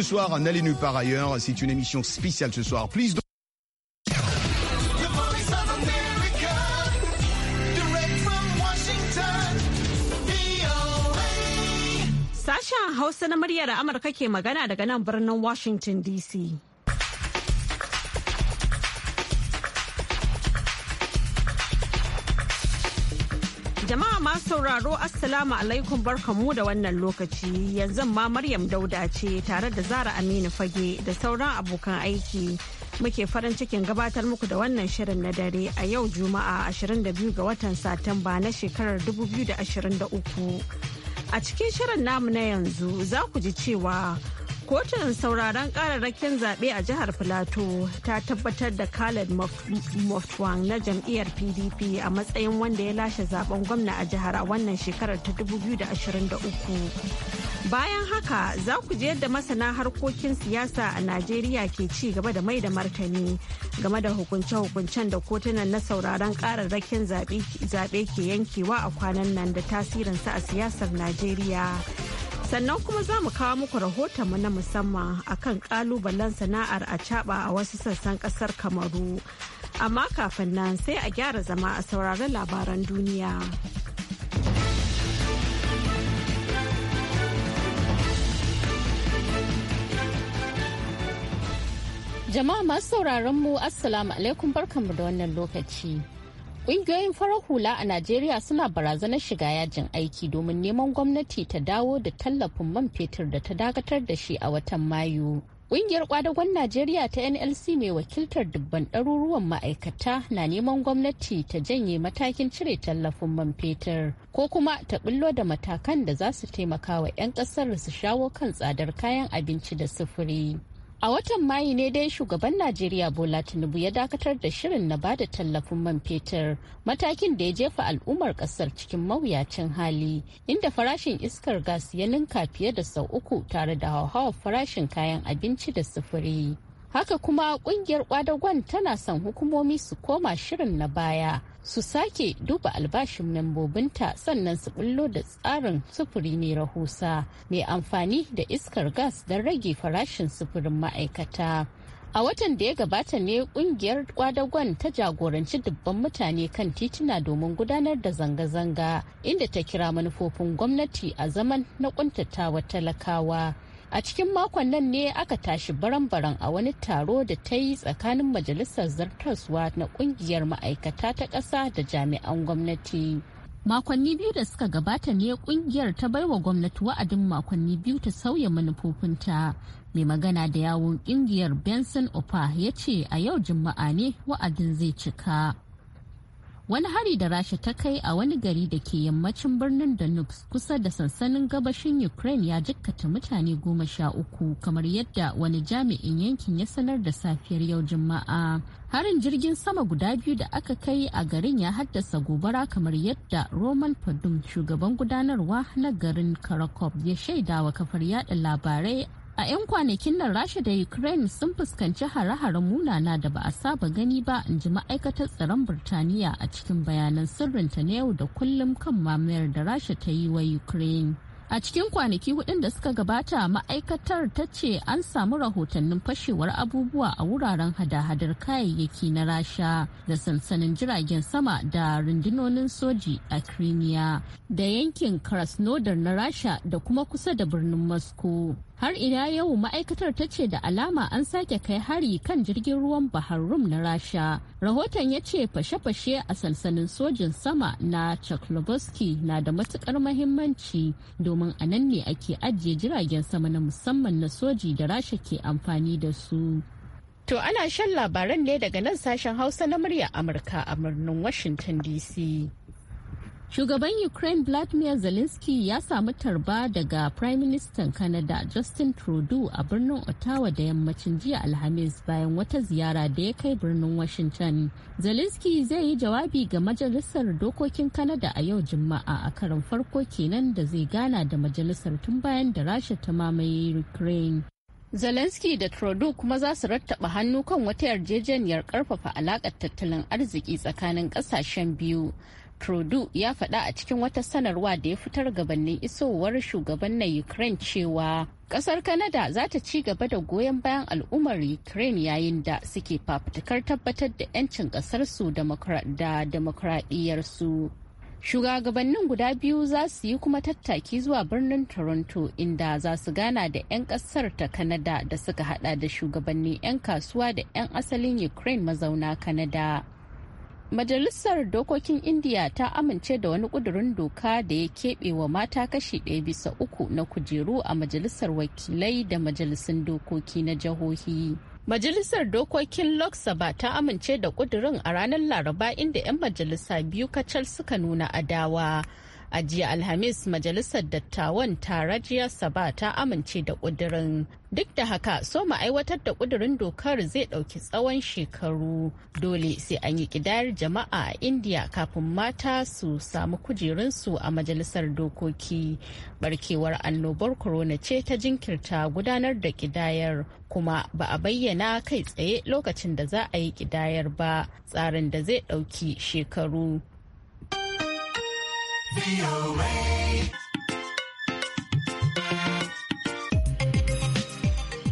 Ce soir, n'allez nulle part ailleurs. C'est une émission spéciale ce soir. Please don't... Sasha Hausa na muryar Amurka ke magana daga nan birnin Washington DC. Jama'a ma sauraro Assalamu alaikum mu da wannan lokaci yanzu ma Maryam Dauda ce tare da Zara Aminu Fage da sauran abokan aiki muke farin cikin gabatar muku da wannan shirin na dare a yau Juma'a 22 ga watan Satumba na shekarar 2023. A cikin shirin namu na yanzu za ku ji cewa Kotun sauraron kararrakin zaɓe a jihar Filato ta tabbatar da Khaled Moftwang na jam'iyyar PDP a matsayin wanda ya lashe zaben gwamna a jihar a wannan shekarar ta 2023. Bayan haka za ku ji yadda masana harkokin siyasa a Najeriya ke ci gaba da mai da martani game da hukunce-hukuncen da kotunan na sauraron kararrakin zaɓe ke yankewa a kwanan nan da tasirinsa a siyasar Najeriya. sannan kuma za mu kawo muku rahotonmu na musamman akan kalubalen sana'ar a a wasu sassan kasar kamaru amma kafin nan sai a gyara zama a sauraron labaran duniya jama'a masu sauraron mu assalamu alaikum barkanmu da wannan lokaci Ƙungiyoyin farar hula a Najeriya suna barazanar shiga yajin aiki domin neman gwamnati ta dawo da tallafin man fetur da ta dakatar da shi a watan Mayu. Ƙungiyar kwadagon Najeriya ta NLC mai wakiltar dubban ɗaruruwan ma'aikata na neman gwamnati ta janye matakin cire tallafin man fetur ko kuma ta bullo da matakan da za su taimaka wa 'yan ƙasar su shawo kan tsadar kayan abinci da sufuri. A watan Mayu ne dai shugaban Najeriya Bola Tinubu ya dakatar da shirin na bada tallafin man fetur matakin da ya jefa al'ummar kasar cikin mawuyacin hali inda farashin iskar gas ya ninka fiye da sau uku tare da hauhawar farashin kayan abinci da sufuri. haka kuma kungiyar kwadagon tana son hukumomi su koma shirin na baya su sake duba albashin membobinta sannan su bullo da tsarin sufuri mai rahusa mai amfani da iskar gas don rage farashin sufurin ma'aikata a watan da ya gabata ne kungiyar kwadagon ta jagoranci dubban mutane kan tituna domin gudanar da zanga-zanga inda ta kira manufofin gwamnati a zaman na kuntatawa talakawa a cikin makon nan ne aka tashi baran-baran a wani taro da ta yi tsakanin majalisar zartaswa na kungiyar ma'aikata ta ƙasa da jami'an gwamnati makonni biyu da suka gabata ne kungiyar ta baiwa gwamnati wa'adin makonni biyu ta sauya manufofinta mai magana da yawon kungiyar benson opa ya ce a yau juma'a ne wa'adin zai cika wani hari da rasha ta kai a wani gari da ke yammacin birnin danube kusa da sansanin gabashin ukraine ya jikkata mutane goma sha uku kamar yadda wani jami'in yankin ya sanar da safiyar yau juma'a harin jirgin sama guda biyu da aka kai a garin ya haddasa gobara kamar yadda roman padum shugaban gudanarwa na garin karakov ya shaidawa kafar yada labarai A 'yan kwanakin nan Rasha da Ukraine sun fuskanci hare-hare munana da ba a saba gani ba in ji ma'aikatar tsaron Birtaniya a cikin bayanan sirrinta na yau da kullum kan mamayar da Rasha ta yi wa Ukraine. A cikin kwanaki hudun da suka gabata ma'aikatar ta ce an samu rahotannin fashewar abubuwa a wuraren hada-hadar kayayyaki na rasha da sansanin jiragen sama da rundunonin soji a Crimea da yankin Krasnodar na rasha da kuma kusa da birnin Moscow. har ina yau ma'aikatar ta ce da alama an sake kai hari kan jirgin ruwan bahar rum na rasha rahoton ya ce fashe-fashe a sansanin sojin sama na chaklovsky na da matukar mahimmanci domin a nan ne ake ajiye jiragen sama na musamman na soji da rasha ke amfani da su to ana shan labaran ne daga nan sashen hausa na murya amurka a birnin washington dc Shugaban Ukraine Vladimir Zelensky ya samu tarba daga Prime Minister Canada Justin Trudeau a birnin Ottawa da yammacin jiya Alhamis bayan wata ziyara da ya kai birnin Washington. Zelensky zai yi jawabi ga Majalisar Dokokin Canada a yau Juma'a a karin farko kenan da zai gana da majalisar tun bayan da Rasha ta mamaye Ukraine. Zelensky da Trudeau kuma za su rattaba hannu kan wata yarjejeniyar ƙarfafa alakar tattalin arziki tsakanin ƙasashen biyu Trudeau ya faɗa a cikin wata sanarwa da ya fitar gabanin isowar shugaban na Ukraine cewa ƙasar Canada za ta ci gaba da goyon bayan al'ummar Ukraine yayin da suke fafutukar tabbatar da 'yancin ƙasarsu da demokradiyarsu. Shugabannin guda biyu za su yi kuma tattaki zuwa birnin Toronto inda za su gana da 'yan ƙasar ta Canada da suka hada da shugabannin 'yan kasuwa da 'yan asalin Ukraine mazauna Canada. Majalisar Dokokin Indiya ta amince da wani ƙudurin doka da ya keɓe wa mata kashi ɗaya bisa uku na kujeru a Majalisar Wakilai da Majalisun Dokoki na Jihohi. Majalisar Dokokin Lok Sabha ta amince da ƙudurin a ranar Laraba inda 'yan majalisa biyu kacal suka nuna adawa. A jiya Alhamis Majalisar Dattawan ta Rajiya Saba ta amince da kudirin Duk da haka soma aiwatar da ƙudurin dokar zai dauki tsawon shekaru. Dole sai an yi ƙidayar jama'a a Indiya kafin mata su samu kujerunsu a Majalisar Dokoki. Barkewar annobar corona ce ta jinkirta gudanar da ƙidayar kuma ba a bayyana kai tsaye lokacin da za a yi ƙidayar ba tsarin da zai ɗauki shekaru.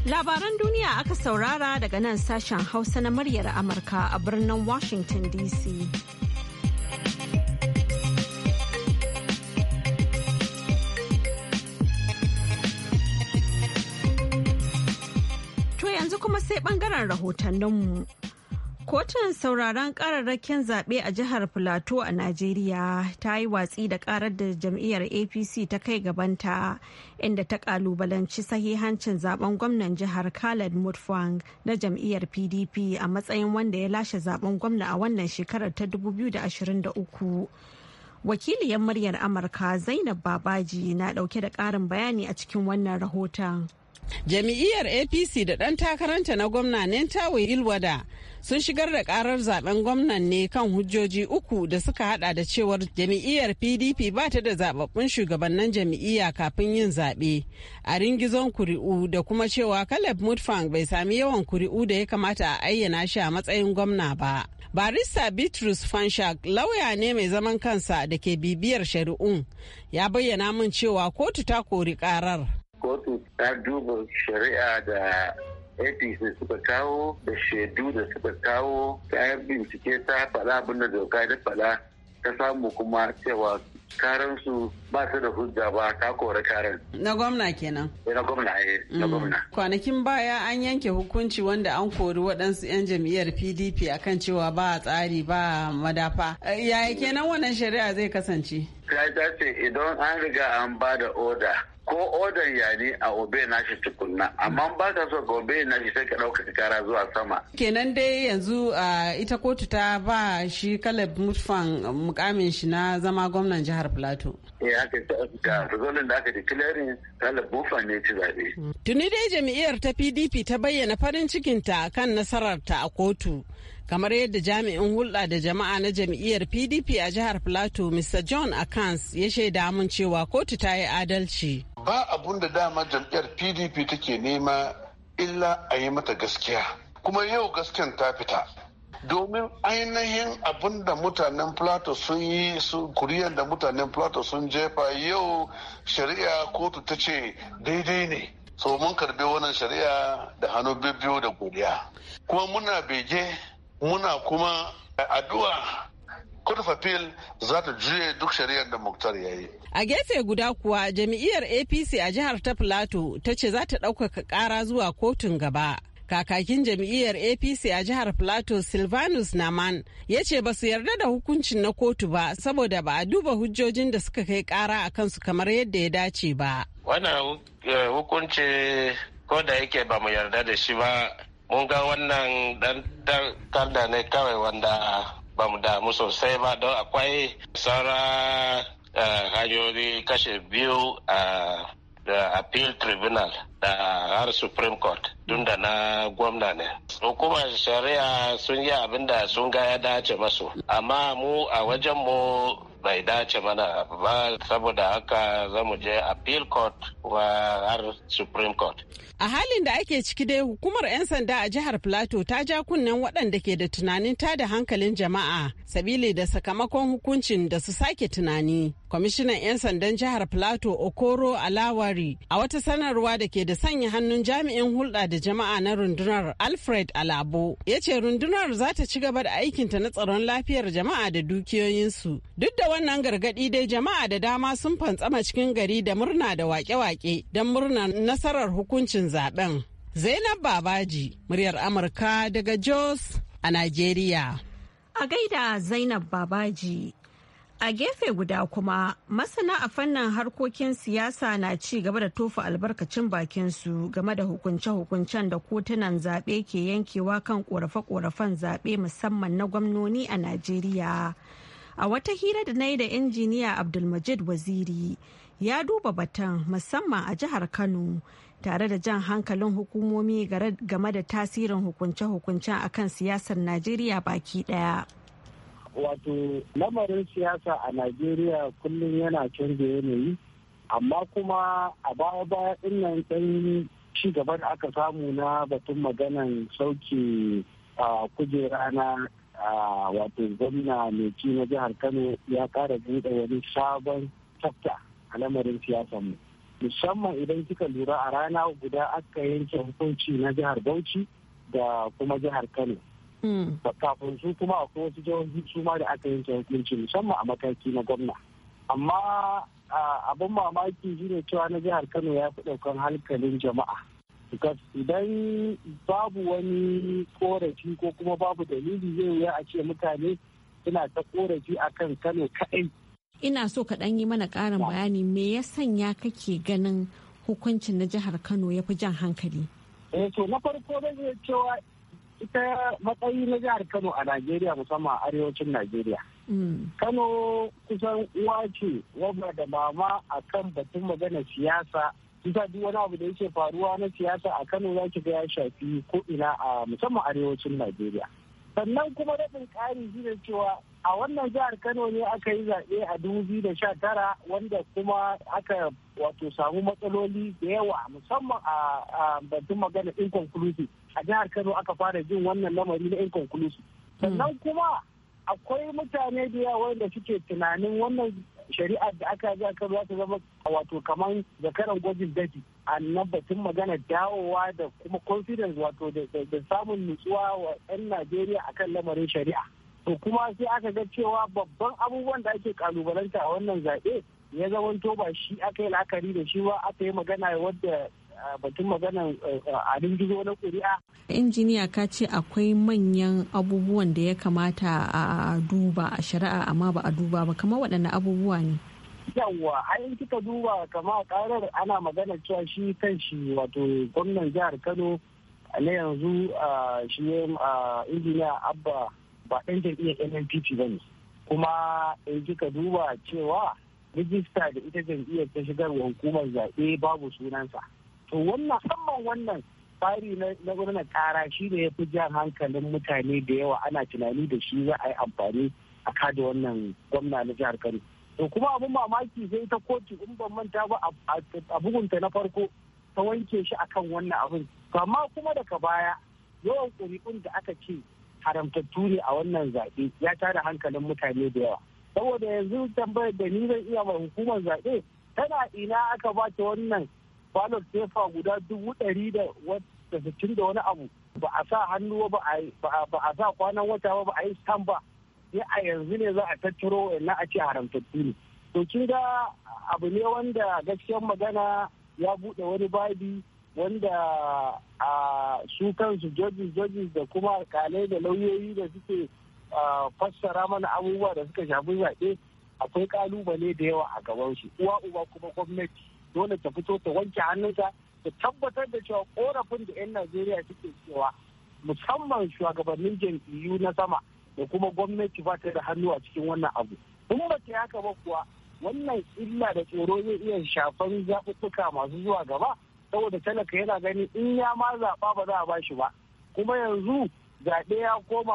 Labaran duniya aka saurara daga nan sashen Hausa na muryar Amurka a birnin Washington DC. To yanzu kuma sai bangaren rahotanninmu. Kotun sauraron kararrakin zaɓe a jihar Filato a Najeriya ta yi watsi da karar da jam'iyyar APC ta kai gabanta inda ta kalubalanci sahihancin zaben gwamnan jihar Khaled Mutfwang na jam'iyyar PDP a matsayin wanda ya lashe zaben gwamna a wannan shekarar ta 2023. Wakiliyar muryar Amurka Zainab Babaji na ɗauke da ƙarin bayani a cikin wannan rahoton. Jami'iyar APC da ɗan takaranta na gwamna Nentawe Ilwada sun shigar da karar zaben gwamnan ne kan hujjoji uku da suka hada da cewar jam'iyyar pdp ba ta da zababbun shugabannin jam'iyya kafin yin zaɓe a ringizon kuri'u da kuma cewa caleb mudfang bai sami yawan kuri'u da ya kamata a ayyana shi a matsayin gwamna ba barista bitrus fanshak lauya ne mai zaman kansa da ke bibiyar shari'un ya bayyana min cewa kotu ta kori karar kotu ta duba shari'a da apc suka kawo da shaidu da suka kawo ta bincike ta faɗa abin da doka ta faɗa ta samu kuma cewa karan su ba su da hujja ba ta kore karan. Na gwamna kenan. Eh, na gwamna eh, na mm. gwamna. Kwanakin baya an yanke hukunci wanda an kori waɗansu 'yan jam'iyyar PDP akan cewa ba tsari ba madafa. Eh, yaya kenan wannan shari'a zai kasance? Ta ce idan an riga an ba da oda ko odan ya ne a obe nashi tukunna amma ba ka so ka obe nashi sai ka ɗauka kara zuwa sama. kenan dai yanzu ita kotu ta ba shi kalab mutfan mukamin shi na zama gwamnan jihar plateau. eh haka da rizolin da aka declare kalab mutfan ne ci zaɓe. tuni dai jam'iyyar ta pdp ta bayyana farin cikin cikinta kan nasararta a kotu. kamar yadda jami'in hulɗa da jama'a na jam'iyyar pdp a jihar plateau mr john akans ya shaida mun cewa kotu ta yi adalci ba abun da dama jam'iyyar pdp take nema illa a yi mata gaskiya kuma yau gasken ta fita domin ainihin abun da mutanen plateau sun yi su da mutanen plateau sun jefa yau shari'a kotu ta ce daidai ne so mun karbi wannan shari'a da hannu biyu da godiya kuma muna bege muna kuma eh, addu'a kurfafil za ta juye duk shari'ar da Muktar ya yi. A gefe guda kuwa jami'iyar APC a jihar ta Filato ta ce za ta ɗaukaka ƙara zuwa kotun gaba. Kakakin jami'iyar APC a jihar Filato Silvanus Naman ya ce ba su yarda da hukuncin na kotu ba saboda ba a duba hujjojin da suka kai ƙara a kansu kamar yadda ya dace ba. Wannan eh, hukunci ko da yake ba mu yarda da shi ba mun ga wannan dan da ne kawai wanda ba mu damu sosai ba don akwai saura eh, hanyoyi kashe biyu a da appeal tribunal da har supreme court tun da na gwamna ne hukumar shari'a sun yi abin sun ga ya dace masu amma mu a wajen mu bai dace mana ba saboda haka zamu je appeal court wa har supreme court a halin da ake ciki dai hukumar 'yan sanda a jihar plateau ta ja kunnen waɗanda ke da tunanin da hankalin jama'a sabili da sakamakon hukuncin da su sake tunani kwamishinan 'yan sandan jihar plateau okoro alawari a wata sanarwa da ke da sanya hannun jami'in hulɗa da jama'a na rundunar alfred alabo ya ce rundunar za ta ci gaba da aikinta na tsaron lafiyar jama'a da dukiyoyinsu duk da wannan gargadi dai jama'a da dama sun fantsama cikin gari da murna da wake-wake don murna nasarar hukuncin zaben. Zainab Babaji, muryar Amurka daga Jos a Najeriya. A gaida Zainab Babaji. A gefe guda kuma masana a fannin harkokin siyasa na ci gaba da tofa albarkacin bakinsu game da hukunce-hukuncen da kotunan zaɓe ke yankewa kan ƙorafe-ƙorafen zaɓe musamman na gwamnoni a Najeriya. A wata hira da na yi da injiniya Abdulmajid Waziri ya duba batun musamman a jihar Kano tare da jan hankalin hukumomi game da tasirin hukunce-hukuncen kan siyasar Najeriya baki daya. Wato lamarin siyasa a Najeriya kullum yana canza yanayi, amma kuma a baya-baya nan ɗan ci gaba da aka samu na batun maganan sauke ah, kujera na a wato gwamna mai ci na jihar kano ya kara buɗe wani sabon tsafta a lamarin siyasa mu musamman idan kika lura a rana guda aka yanke hukunci na jihar bauchi da kuma jihar kano hmm. kafin su kuma akwai wasu jihohi su ma da aka yanke hukunci musamman a mataki na gwamna amma abin mamaki shine cewa na jihar kano ya fi ɗaukan hankalin jama'a idan babu wani korafi ko kuma babu dalili zai wuya a ce mutane suna ta korafi akan kano kaɗai. ina so ka ɗan yi mana ƙarin bayani me ya sanya kake ganin hukuncin na jihar kano ya fi jan hankali eh to na farko da zai cewa ita matsayi na jihar kano a najeriya musamman a arewacin najeriya mm. kano kusan uwa ce wadda da mama akan batun magana siyasa Kusa duk wani abu da yake faruwa na siyasa a Kano za ki ga ya shafi ko ina a musamman arewacin Najeriya. Sannan kuma rabin ƙari shi da cewa a wannan jihar Kano ne aka yi zaɓe a dubu biyu da sha tara wanda kuma aka wato samu matsaloli da yawa musamman a batun magana inconclusive a jihar Kano aka fara jin wannan lamari na inconclusive. Hmm. Sannan kuma akwai mutane da yawa wanda suke tunanin wannan shari'ar da aka ji aka za ta zama wato kamar zakaran gwajin daji annan batun magana dawowa da kuma confidence wato da samun nutsuwa wa 'yan najeriya akan lamarin shari'a to kuma sai aka ga cewa babban abubuwan da ake kalubalanta a wannan zaɓe ya zamanto ba shi aka yi la'akari da shi ba aka yi magana wadda batun magana eh, eh, a rinjigo na kuri'a. injiniya ka ce akwai manyan abubuwan da ya kamata a duba a shari'a amma ba a duba ba kamar waɗanne abubuwa ne yawwa ayin kika duba kama karar ana magana cewa shi kan shi wato gwamnan jihar kano na yanzu shi injiniya abba ba ɗan jam'iyyar nnpp ba ne kuma in kika duba cewa rijista da ita jam'iyyar ta shigar hukumar zaɓe babu sunansa to wannan musamman wannan tsari na gwamnan kara shi ne ya fi jan hankalin mutane da yawa ana tunani da shi za a yi amfani a kada wannan gwamna na jihar kano to kuma abin mamaki sai ta kotu in ban manta ba a bugunta na farko ta wanke shi akan wannan abin to amma kuma daga baya yawan ƙuri'un da aka ce haramtattu ne a wannan zaɓe ya tara hankalin mutane da yawa saboda yanzu tambayar da ni zan iya ma hukumar zaɓe tana ina aka ba ta wannan balot paper guda dubu ɗari da sittin da wani abu ba a sa hannu ba a sa kwanan wata ba ba a yi stan ba sai a yanzu ne za a tattaro na a ce haramtattu ne to kin ga abu ne wanda gaskiyar magana ya buɗe wani babi wanda a su kansu judges judges da kuma alkalai da lauyoyi da suke fassara mana abubuwa da suka shafi zaɓe akwai kalubale da yawa a gaban shi uwa uba kuma gwamnati dole ta fito ta wanke hannunta ta tabbatar da cewa korafin da 'yan najeriya suke cewa musamman shugabannin jam'iyyu na sama da kuma gwamnati ba ta da hannu a cikin wannan abu in ba ta haka ba kuwa wannan illa da tsoro zai iya shafan zaɓuɓɓuka masu zuwa gaba saboda talaka yana gani in ya ma zaɓa ba za a bashi ba kuma yanzu zaɓe ya koma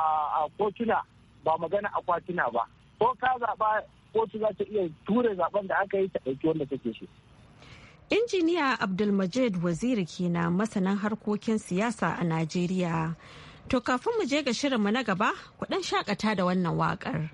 a kotuna ba magana akwatuna ba ko ka zaɓa kotu za ta iya tura zaben da aka yi ta ɗauki wanda take so. injiniya abdulmajid waziri kenan masanan harkokin siyasa a najeriya to kafin mu je ga shirin mu na gaba ku ɗan shakata da wannan waƙar.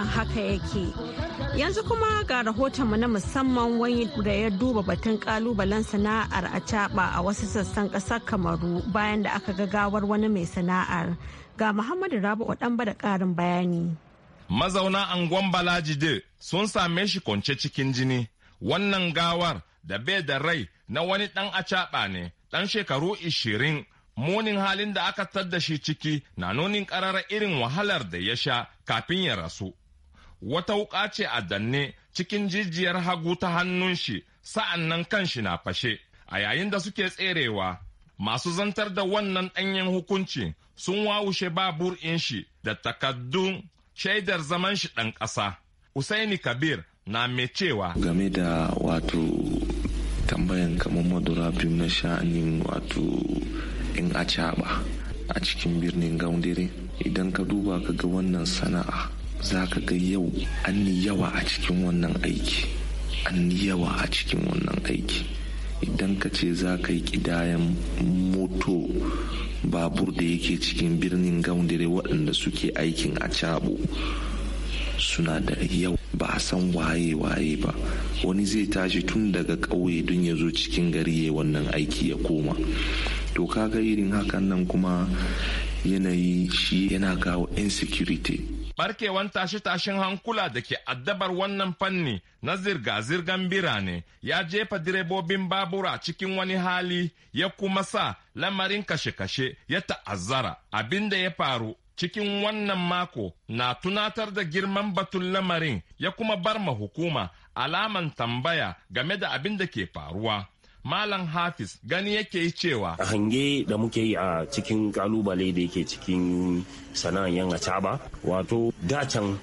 wannan haka yake. Yanzu kuma ga rahotonmu na musamman wani da ya duba batun kalubalen sana'ar a caba a wasu sassan kasar Kamaru bayan da aka gagawar wani mai sana'ar. Ga Muhammadu Rabu'u ɗan da ƙarin bayani. Mazauna angon Balajide sun same shi kwance cikin jini. Wannan gawar da bai da rai na wani ɗan acaɓa ne, dan shekaru ishirin. Munin halin da aka da shi ciki na nunin ƙararra irin wahalar da ya sha kafin ya rasu. wata wuka ce a danne cikin jijiyar hagu ta hannun shi sa'an nan kan shi na fashe a yayin da suke tserewa masu zantar da wannan ɗanyen hukunci sun wawushe babur in shi da takaddun shaidar zaman shi ɗan ƙasa usaini kabir na mai cewa game da wato tambayan kamar madura biyu na sha'anin wato in a a cikin birnin gaundere idan ka duba ka ga wannan sana'a za ka ga yau an yawa a cikin wannan aiki an yawa a cikin wannan aiki idan ka ce za ka yi kidayen moto babur da yake cikin birnin gaundare waɗanda suke aikin a cabo suna da yau ba a san waye waye ba wani zai tashi tun daga ƙauye don ya zo cikin gari ya wannan aiki ya koma to kaga irin hakan nan kuma yanayi shi yana kawo insecurity barkewan tashe-tashen hankula da ke addabar wannan fanni na zirga-zirgan birane ya jefa direbobin babura cikin wani hali ya kuma sa lamarin kashe-kashe ya ta'azzara abin da ya faru cikin wannan mako na tunatar da girman batun lamarin ya kuma bar ma hukuma alaman tambaya game da abin da ke faruwa Malam Hafiz gani yake yi cewa a hange da muke yi a cikin kalubale da yake cikin sana'an yan acaba wato dacan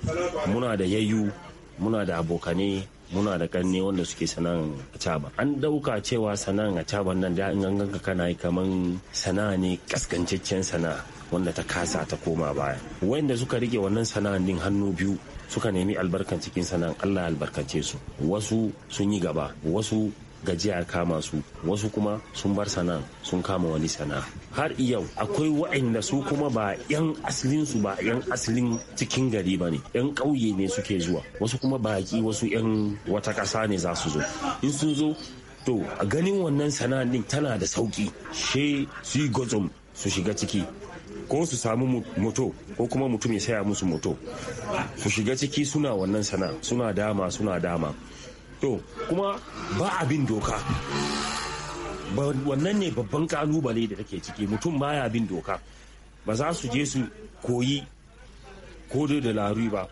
muna da yayyu muna da abokane muna da kanne wanda suke sana'an acaba an dauka cewa sana'an acaba nan da in ganka kana yi kaman sana'a ne kaskancaccen sana'a wanda ta kasa ta koma baya wanda suka rike wannan sana'an din hannu biyu suka nemi albarkan cikin sana'an Allah albarkace su wasu sun yi gaba wasu gajiya kama su wasu kuma sun bar sana sun kama wani sana har yau akwai waɗanda su kuma ba 'yan asilin su ba 'yan asilin cikin gari ba ne 'yan ƙauye ne suke zuwa wasu kuma baki wasu 'yan wata ƙasa ne za su zo in sun zo to a ganin wannan sana din tana da sauƙi she su yi su shiga ciki ko su samu moto ko kuma mutum ya saya musu moto su shiga ciki suna wannan sana suna dama suna dama to kuma ba abin doka wannan ne babban kalubale da take ciki mutum baya bin doka ba za su je su koyi kodo da larui ba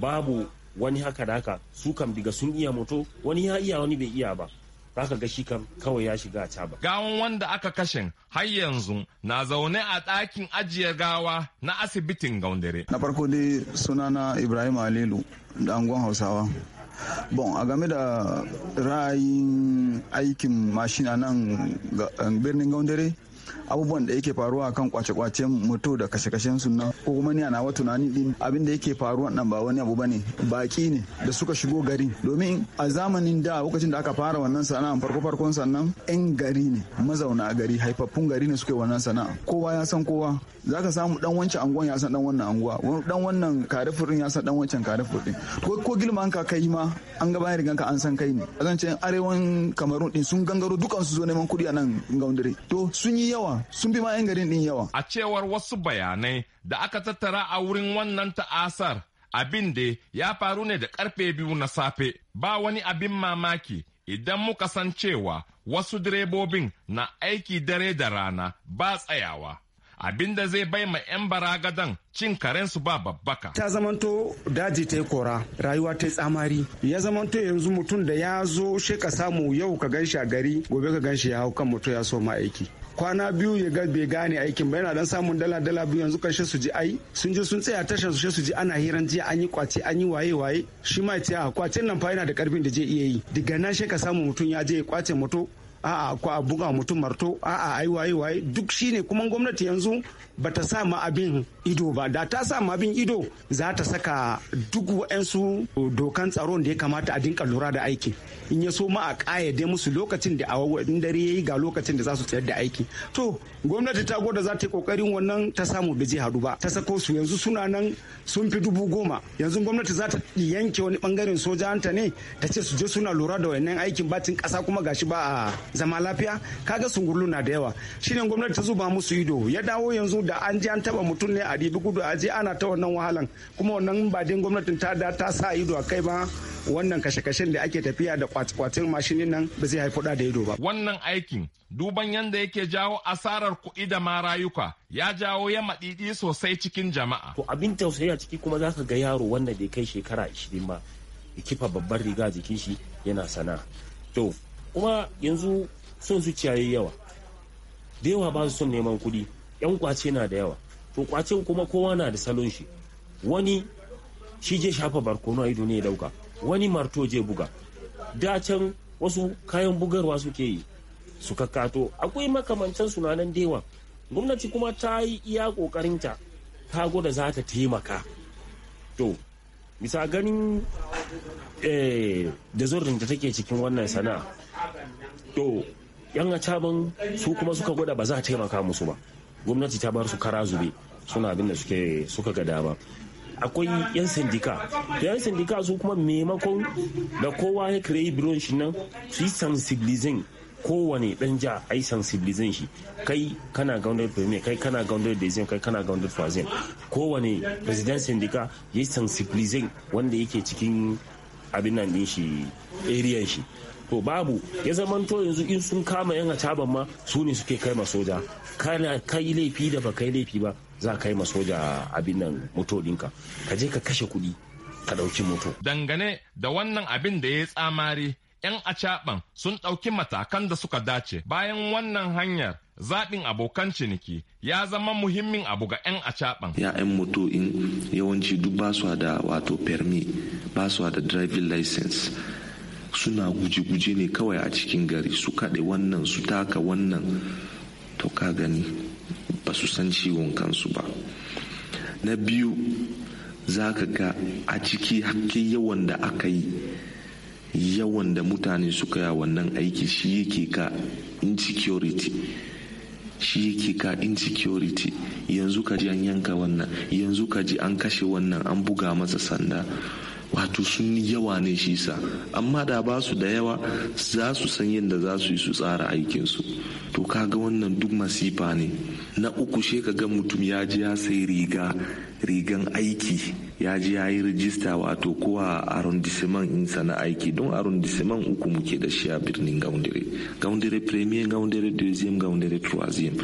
babu wani haka da haka su kam diga sun iya moto wani ya iya wani bai iya ba zaka ga shi kawai ya shiga a ba. Gawan wanda aka kashe har yanzu na zaune a ɗakin ajiye gawa na asibitin gaundare. Na farko dai sunana Ibrahim Alilu da angon Hausawa. bon a game da ra'ayin aikin mashina nan birnin gaundare abubuwan da yake faruwa kan kwace-kwacen mutu da kashe-kashen su nan ko kuma ni ana tunani din abin da yake faruwa nan ba wani abu ba ne baki ne da suka shigo gari domin a zamanin da lokacin da aka fara wannan sana'a farko farkon sannan yan gari ne mazauna gari haifaffun gari ne suke wannan sana'a kowa ya san kowa zaka samu dan wancan anguwan ya san dan wannan anguwa dan wannan karifurin ya san dan wancan karifurin ko ko gilman ka kai ma an ga bayan riganka an san kai ne zan ce arewan kamarun din sun gangaro dukansu zo neman kuɗi a nan gaundare to sun yi yawa sun bi ma 'yan garin din yawa a cewar wasu bayanai da aka tattara a wurin wannan ta'asar abin da ya faru ne da karfe biyu na safe ba wani abin mamaki idan muka san cewa wasu direbobin na aiki dare da rana ba tsayawa abin da zai bai ma 'yan baragadan cin karensu ba babbaka. Ta zamanto daji ta yi kora, rayuwa ta yi tsamari. Ya zamanto yanzu mutum da ya zo shi ka samu yau ka ganshi a gari, gobe ka ganshi ya hau kan mutum ya so ma aiki. kwana biyu ya ga bai gane aikin ba yana dan samun dala dala biyu yanzu kan su ji ai sun je sun tsaya tashar su su ji ana hiran jiya an yi kwace an yi waye waye shi ma ya ce a ah, kwacen nan fa yana da karfin da zai iya yi daga nan shi ka samu mutum ya je ya kwace moto a'a ko a buga mutum marto a'a ai waye waye duk shine kuma gwamnati yanzu bata sa ma abin ido ba da ta sa ma abin ido za ta saka duk wa'ansu dokan tsaron da ya kamata a dinka lura da aiki in ya so ma a kayyade musu lokacin da awawadin dare yayi ga lokacin da za su tsayar da aiki to gwamnati ta goda za ta yi kokarin wannan ta samu da ji hadu ba ta sako su yanzu suna nan sun fi dubu goma yanzu gwamnati za ta yanke wani bangaren sojanta ne ta ce su je suna lura da wannan aikin bacin kasa kuma gashi ba a zama lafiya kaga sungurlu na da yawa shine gwamnati ta zuba musu ido ya dawo yanzu da an ji an taba mutum ne a dibi gudu a je ana ta wannan wahalan kuma wannan ba din gwamnatin ta da ta sa ido a kai ba wannan kashe-kashen da ake tafiya da kwace-kwacen mashinin nan ba zai haifo da ido ba wannan aikin duban yanda yake jawo asarar kuɗi da ma rayuka ya jawo ya maɗiɗi sosai cikin jama'a to abin tausayi a ciki kuma zaka ga yaro wanda bai kai shekara 20 ba kifa babbar riga jikin shi yana sana to kuma yanzu son su ciyayi yawa da yawa ba su son neman kuɗi yan kwace na da yawa to kwacen kuma kowa na da salon shi wani shi je shafa barkono a ido ne dauka wani marto je buga da wasu kayan bugarwa suke yi su kakkato akwai makamancin sunanan da yawa gwamnati kuma ta yi iya kokarinta ta gwada za ta taimaka to bisa ganin eh, da zurin da take cikin wannan sana'a to yan acaban su kuma suka gwada ba za a taimaka musu ba gwamnati ta bar su kara zube suna abin da suke suka ga dama akwai yan sindika to yan sindika su kuma maimakon da kowa ya kire biron shi nan su yi sensibilizin kowane dan ja a yi sensibilizin shi kai kana gaundar premier kai kana gaundar dezin kai kana gaundar fazin kowane president sindika ya yi sensibilizin wanda yake cikin abin nan din shi shi to babu ya zamanto yanzu in sun kama yan acaban ma su ne suke kai ma soja kana kai laifi da ba kai laifi ba za kai masoja ma soja abin nan moto ka je ka kashe kuɗi ka ɗauki moto. dangane da wannan abin da ya tsamari 'yan acaɓan sun ɗauki matakan da suka dace bayan wannan hanyar zaɓin abokan ciniki ya zama muhimmin abu ga 'yan acaɓan. 'ya'yan moto in yawanci duk basuwa da wato permi basuwa da driving license suna guje-guje ne kawai a cikin gari su kaɗe wannan su taka wannan to ka gani ba su san ciwon kansu ba na biyu za ka ga a ciki hakki yawan da aka yi yawan da mutane suka yi wannan aiki shi yake ka insecurity shi yake ka insecurity yanzu ka ji an yanka wannan yanzu ka ji an kashe wannan an buga masa sanda wato sun yawa ne shi sa amma da ba su da yawa za su san yadda za su yi su tsara aikinsu to kaga wannan duk masifa ne na uku shi ka ga mutum ya ji ya sai riga rigan aiki ya ji ya yi rijista wato kowa arrondissement in na aiki don arrondissement uku muke da shi a birnin gaundare gaundare premier gaundare deuxième gaundare troisième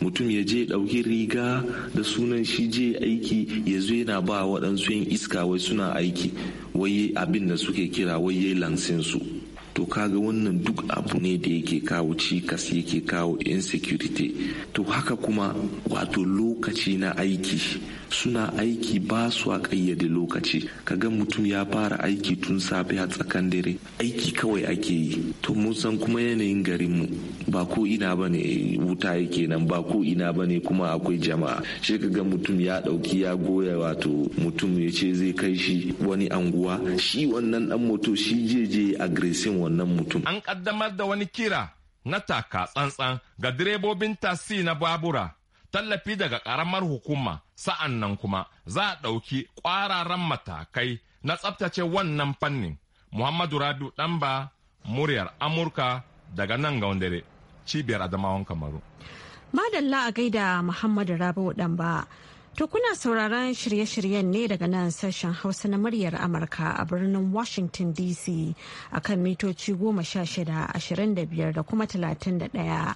mutum ya je ɗauki riga da sunan shi je aiki ya zo yana ba waɗansu yin iska wai suna aiki wai abin da suke kira wai yayi lansin to kaga wannan duk abu ne da yake kawo cikas yake kawo insecurity to haka kuma wato lokaci na aiki suna aiki ba su a kayyade lokaci kaga mutum ya fara aiki tun safe a tsakan dare aiki kawai ake yi to mun san kuma yanayin garin mu ba ko ina ba ne wuta yake nan ba ko ina ba ne kuma akwai jama'a shi kaga mutum ya ɗauki ya goya wato mutum ya ce zai kai shi wani anguwa shi wannan dan moto shi je je agresin wannan mutum an kaddamar da wani kira na taka tsantsan ga direbobin tasi na babura tallafi daga ƙaramar hukuma sa'an nan kuma za a ɗauki ƙwararan matakai na tsabtace wannan fannin muhammadu rabiu ɗanba muryar amurka daga nan ga cibiyar adamawan kamaru madalla a gaida muhammadu rabiu ɗanba To kuna sauraron shirye-shiryen ne daga nan sashen Hausa na muryar Amurka a birnin Washington DC a kan mitoci goma sha shida ashirin da biyar da kuma talatin da ɗaya.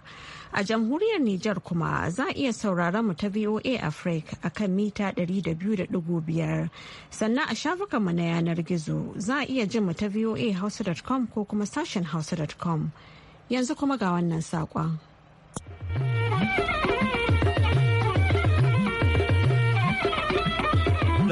A jamhuriyar Nijar kuma za a iya sauraron mu ta VOA Africa a kan mita ɗari da biyu da ɗigo biyar. Sannan a shafuka mu na yanar gizo za a iya jin mu ta voa voahausa.com ko kuma sashen hausa.com. Yanzu kuma ga wannan saƙon.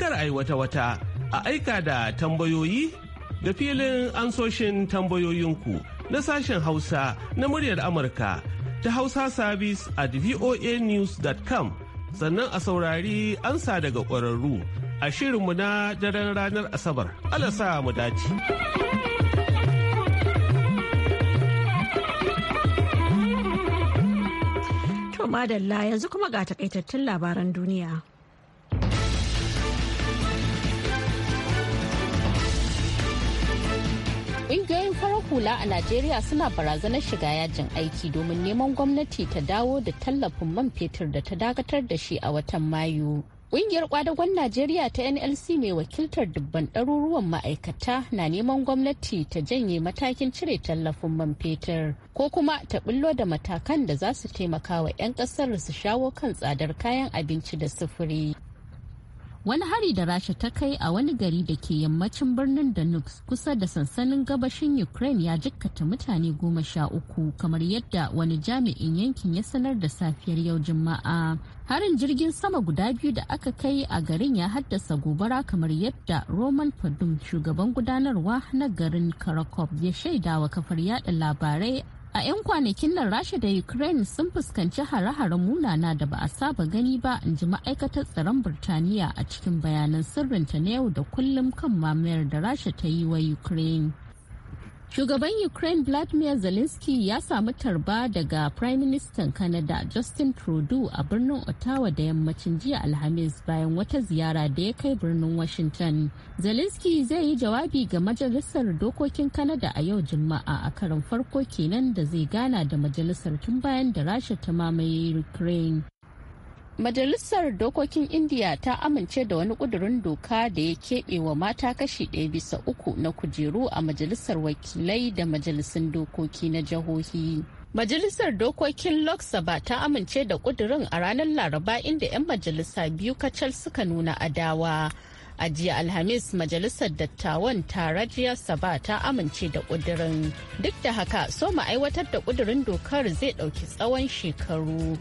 kar a wata-wata a aika da tambayoyi da filin ansoshin tambayoyinku na sashen hausa na muryar amurka ta hausa service at voanews.com sannan a saurari ansa daga ƙwararru a shirinmu na daren ranar asabar alasa mu dace. To madalla yanzu kuma ga takaitattun labaran duniya. Ƙungiyoyin farar hula a Najeriya suna barazanar shiga yajin aiki domin neman gwamnati ta dawo da tallafin man fetur da ta dakatar da shi a watan Mayu. Ƙungiyar kwadagon Najeriya ta NLC mai wakiltar dubban ɗaruruwan ma'aikata na neman gwamnati ta janye matakin cire tallafin man fetur ko kuma ta bullo da matakan da za su taimaka wa 'yan ƙasar su shawo kan tsadar kayan abinci da sufuri. wani hari da rasha ta kai a wani gari da ke yammacin birnin danube kusa da sansanin gabashin ukraine ya jikkata mutane goma sha uku kamar yadda wani jami'in yankin ya sanar da safiyar yau juma'a harin jirgin sama guda biyu da aka kai a garin ya haddasa gobara kamar yadda roman fadum shugaban gudanarwa na garin karakov ya shaidawa kafar yada labarai A 'yan kwanakin nan Rasha da Ukraine sun fuskanci hare-hare munana da ba a saba gani ba in ji ma'aikatar tsaron Birtaniya a cikin bayanan sirrinta na yau da kullum kan mamayar da Rasha ta yi wa Ukraine. Shugaban Ukraine Vladimir Zelensky ya samu tarba daga Prime Minister Canada Justin Trudeau a birnin Ottawa da yammacin jiya Alhamis bayan wata ziyara da ya kai birnin Washington. Zelensky zai yi jawabi ga Majalisar Dokokin Canada a yau Juma'a a karin farko kenan da zai gana da majalisar tun bayan da Rasha ta mamaye Ukraine. Majalisar Dokokin Indiya ta amince da wani ƙudurin doka da ya keɓe wa mata kashi ɗaya bisa uku na kujeru a Majalisar Wakilai da Majalisun Dokoki na Jihohi. Majalisar Dokokin Lok Sabha ta amince da ƙudurin a ranar Laraba inda 'yan majalisa biyu kacal suka nuna adawa. a jiya alhamis majalisar dattawan tarajiyar saba ta amince da kudirin duk da haka so mu aiwatar da kudirin dokar zai ɗauki tsawon shekaru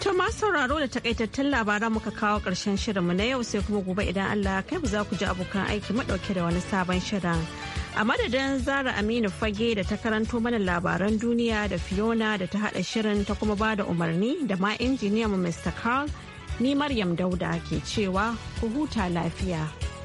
To ma sauraro da takaitattun labaran muka kawo ƙarshen shirinmu na yau sai kuma gobe idan Allah kai za ku ji abokan aiki madauke da wani sabon shirin. A madadin Zara Aminu Fage da ta karanto mana labaran duniya da Fiona da ta haɗa shirin ta kuma ba da umarni da ma injiniyan Mr. Carl ni Maryam Dauda ke cewa ku huta lafiya.